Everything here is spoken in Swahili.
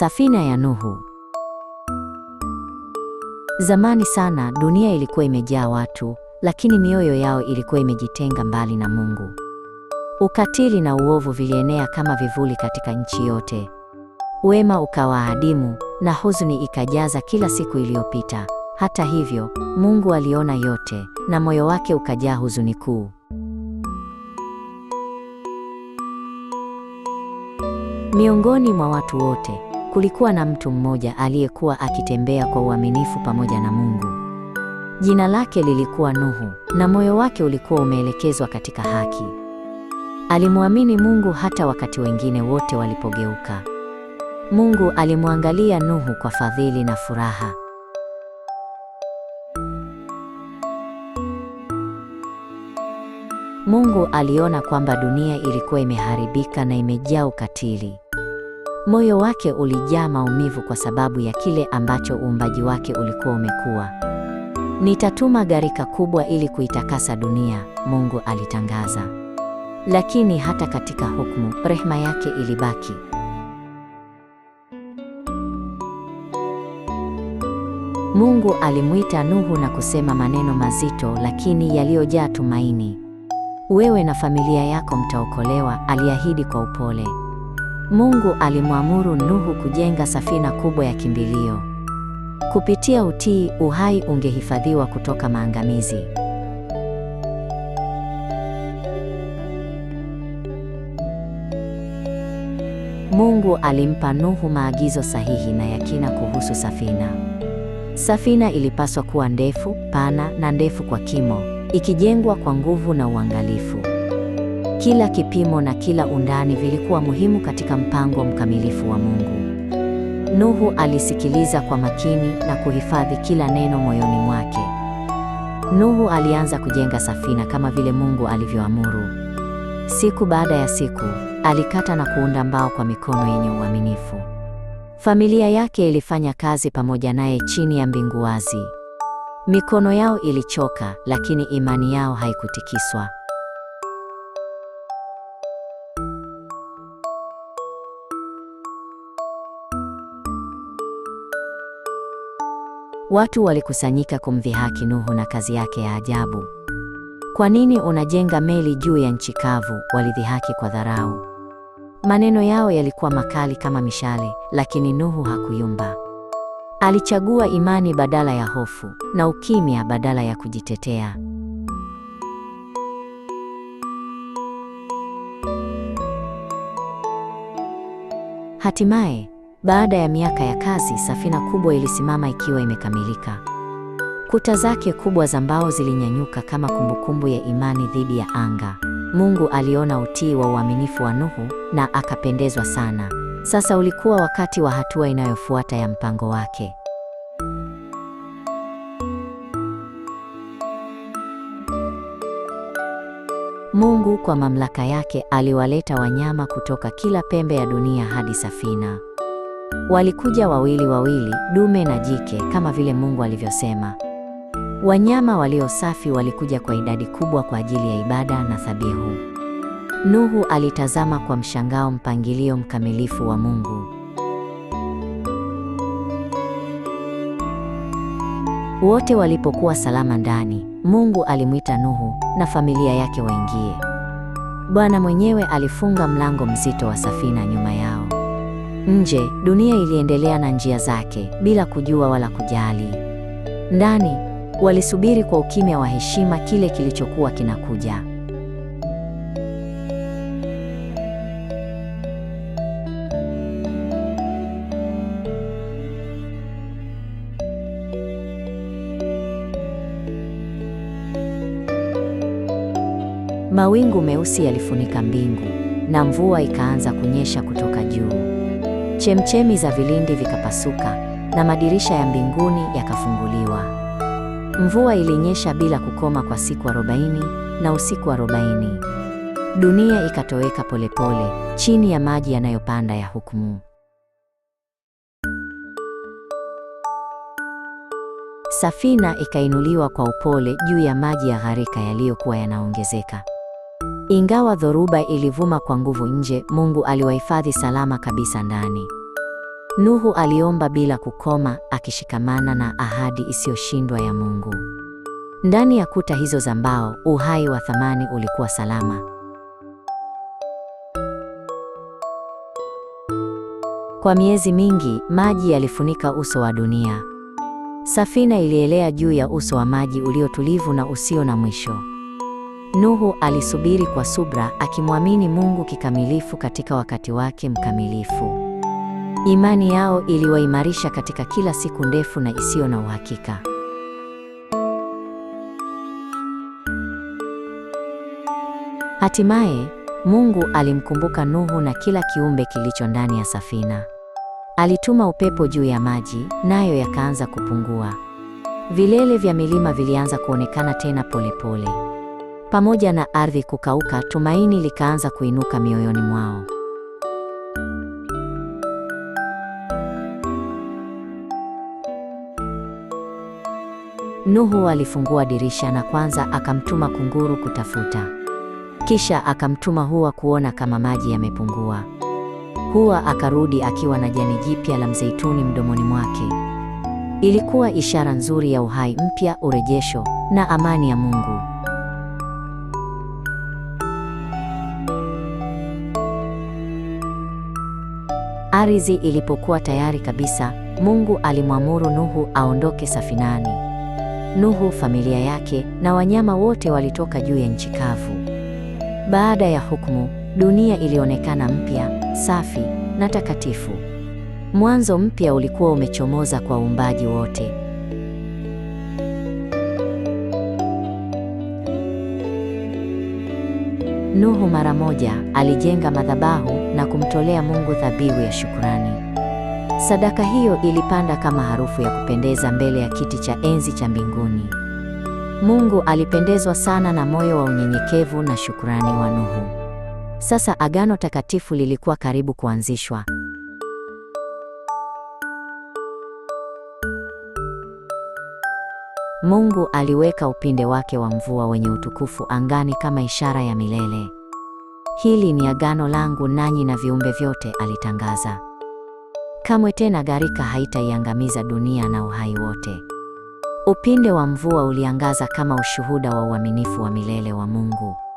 Safina ya Nuhu. Zamani sana dunia ilikuwa imejaa watu, lakini mioyo yao ilikuwa imejitenga mbali na Mungu. Ukatili na uovu vilienea kama vivuli katika nchi yote. Wema ukawa adimu na huzuni ikajaza kila siku iliyopita. Hata hivyo, Mungu aliona yote na moyo wake ukajaa huzuni kuu. Miongoni mwa watu wote Kulikuwa na mtu mmoja aliyekuwa akitembea kwa uaminifu pamoja na Mungu. Jina lake lilikuwa Nuhu, na moyo wake ulikuwa umeelekezwa katika haki. Alimwamini Mungu hata wakati wengine wote walipogeuka. Mungu alimwangalia Nuhu kwa fadhili na furaha. Mungu aliona kwamba dunia ilikuwa imeharibika na imejaa ukatili. Moyo wake ulijaa maumivu kwa sababu ya kile ambacho uumbaji wake ulikuwa umekuwa. Nitatuma gharika kubwa ili kuitakasa dunia, Mungu alitangaza. Lakini hata katika hukumu, rehema yake ilibaki. Mungu alimwita Nuhu na kusema maneno mazito lakini yaliyojaa tumaini. Wewe na familia yako mtaokolewa, aliahidi kwa upole. Mungu alimwamuru Nuhu kujenga safina kubwa ya kimbilio. Kupitia utii, uhai ungehifadhiwa kutoka maangamizi. Mungu alimpa Nuhu maagizo sahihi na yakina kuhusu safina. Safina ilipaswa kuwa ndefu, pana na ndefu kwa kimo, ikijengwa kwa nguvu na uangalifu. Kila kipimo na kila undani vilikuwa muhimu katika mpango mkamilifu wa Mungu. Nuhu alisikiliza kwa makini na kuhifadhi kila neno moyoni mwake. Nuhu alianza kujenga safina kama vile Mungu alivyoamuru. Siku baada ya siku, alikata na kuunda mbao kwa mikono yenye uaminifu. Familia yake ilifanya kazi pamoja naye chini ya mbingu wazi. Mikono yao ilichoka, lakini imani yao haikutikiswa. Watu walikusanyika kumdhihaki Nuhu na kazi yake ya ajabu. Kwa nini unajenga meli juu ya nchi kavu? Walidhihaki kwa dharau. Maneno yao yalikuwa makali kama mishale, lakini Nuhu hakuyumba. Alichagua imani badala ya hofu na ukimya badala ya kujitetea. Hatimaye baada ya miaka ya kazi, safina kubwa ilisimama ikiwa imekamilika. Kuta zake kubwa za mbao zilinyanyuka kama kumbukumbu ya imani dhidi ya anga. Mungu aliona utii wa uaminifu wa Nuhu na akapendezwa sana. Sasa ulikuwa wakati wa hatua inayofuata ya mpango wake. Mungu kwa mamlaka yake aliwaleta wanyama kutoka kila pembe ya dunia hadi safina. Walikuja wawili wawili, dume na jike, kama vile Mungu alivyosema. Wanyama walio safi walikuja kwa idadi kubwa kwa ajili ya ibada na dhabihu. Nuhu alitazama kwa mshangao mpangilio mkamilifu wa Mungu. Wote walipokuwa salama ndani, Mungu alimwita Nuhu na familia yake waingie. Bwana mwenyewe alifunga mlango mzito wa safina nyuma yao. Nje dunia iliendelea na njia zake bila kujua wala kujali. Ndani walisubiri kwa ukimya wa heshima kile kilichokuwa kinakuja. Mawingu meusi yalifunika mbingu na mvua ikaanza kunyesha kutoka juu. Chemchemi za vilindi vikapasuka na madirisha ya mbinguni yakafunguliwa. Mvua ilinyesha bila kukoma kwa siku arobaini na usiku arobaini. Dunia ikatoweka polepole chini ya maji yanayopanda ya hukumu. Safina ikainuliwa kwa upole juu ya maji ya gharika yaliyokuwa yanaongezeka. Ingawa dhoruba ilivuma kwa nguvu nje, Mungu aliwahifadhi salama kabisa ndani. Nuhu aliomba bila kukoma, akishikamana na ahadi isiyoshindwa ya Mungu. Ndani ya kuta hizo za mbao, uhai wa thamani ulikuwa salama. Kwa miezi mingi, maji yalifunika uso wa dunia. Safina ilielea juu ya uso wa maji uliotulivu na usio na mwisho. Nuhu alisubiri kwa subra akimwamini Mungu kikamilifu katika wakati wake mkamilifu. Imani yao iliwaimarisha katika kila siku ndefu na isiyo na uhakika. Hatimaye, Mungu alimkumbuka Nuhu na kila kiumbe kilicho ndani ya safina. Alituma upepo juu ya maji, nayo yakaanza kupungua. Vilele vya milima vilianza kuonekana tena polepole pole. Pamoja na ardhi kukauka, tumaini likaanza kuinuka mioyoni mwao. Nuhu alifungua dirisha na kwanza akamtuma kunguru kutafuta, kisha akamtuma hua kuona kama maji yamepungua. Hua akarudi akiwa na jani jipya la mzeituni mdomoni mwake. Ilikuwa ishara nzuri ya uhai mpya, urejesho na amani ya Mungu. Ardhi ilipokuwa tayari kabisa, Mungu alimwamuru Nuhu aondoke safinani. Nuhu, familia yake na wanyama wote walitoka juu ya nchi kavu. Baada ya hukumu, dunia ilionekana mpya, safi na takatifu. Mwanzo mpya ulikuwa umechomoza kwa uumbaji wote. Nuhu mara moja alijenga madhabahu na kumtolea Mungu dhabihu ya shukurani. Sadaka hiyo ilipanda kama harufu ya kupendeza mbele ya kiti cha enzi cha mbinguni. Mungu alipendezwa sana na moyo wa unyenyekevu na shukurani wa Nuhu. Sasa agano takatifu lilikuwa karibu kuanzishwa. Mungu aliweka upinde wake wa mvua wenye utukufu angani kama ishara ya milele. Hili ni agano langu nanyi na viumbe vyote, alitangaza. Kamwe tena gharika haitaiangamiza dunia na uhai wote. Upinde wa mvua uliangaza kama ushuhuda wa uaminifu wa milele wa Mungu.